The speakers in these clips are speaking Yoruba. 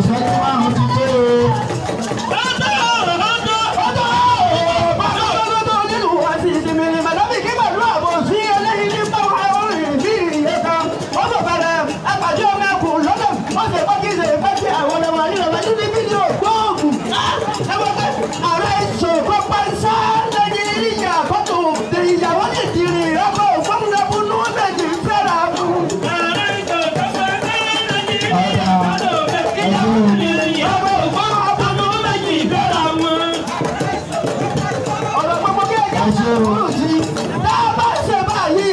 It's like ṣe o sí. dábà ṣe báyìí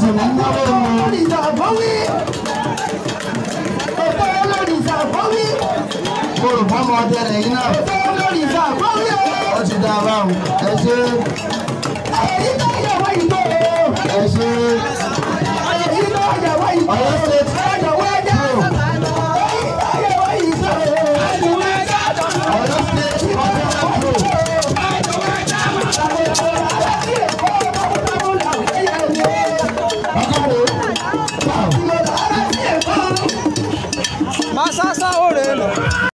sì ń náwó wọn. olùdíjà àbọ̀wí. òpó olùdíjà àbọ̀wí. olùpamọ́ ọdẹ rẹ̀ yín náà. òpó olùdíjà àbọ̀wí. ó ti dá a báwọn ẹ ṣe é.